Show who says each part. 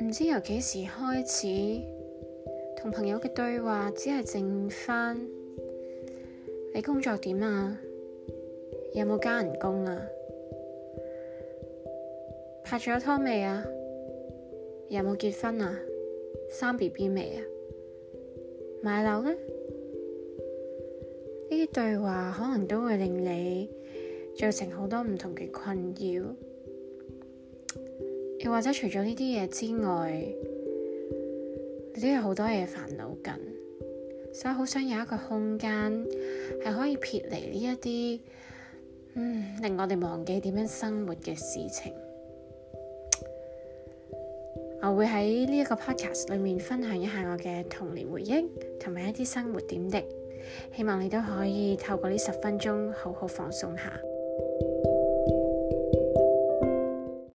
Speaker 1: 唔知由幾時開始，同朋友嘅對話只係剩返：「你工作點啊？有冇加人工啊？拍咗拖未啊？有冇結婚啊？生 BB 未啊？買樓呢？呢啲對話可能都會令你造成好多唔同嘅困擾。又或者除咗呢啲嘢之外，你都有好多嘢煩惱緊，所以好想有一個空間，係可以撇離呢一啲，嗯令我哋忘記點樣生活嘅事情。我會喺呢一個 podcast 裏面分享一下我嘅童年回憶同埋一啲生活點滴，希望你都可以透過呢十分鐘好好放鬆下。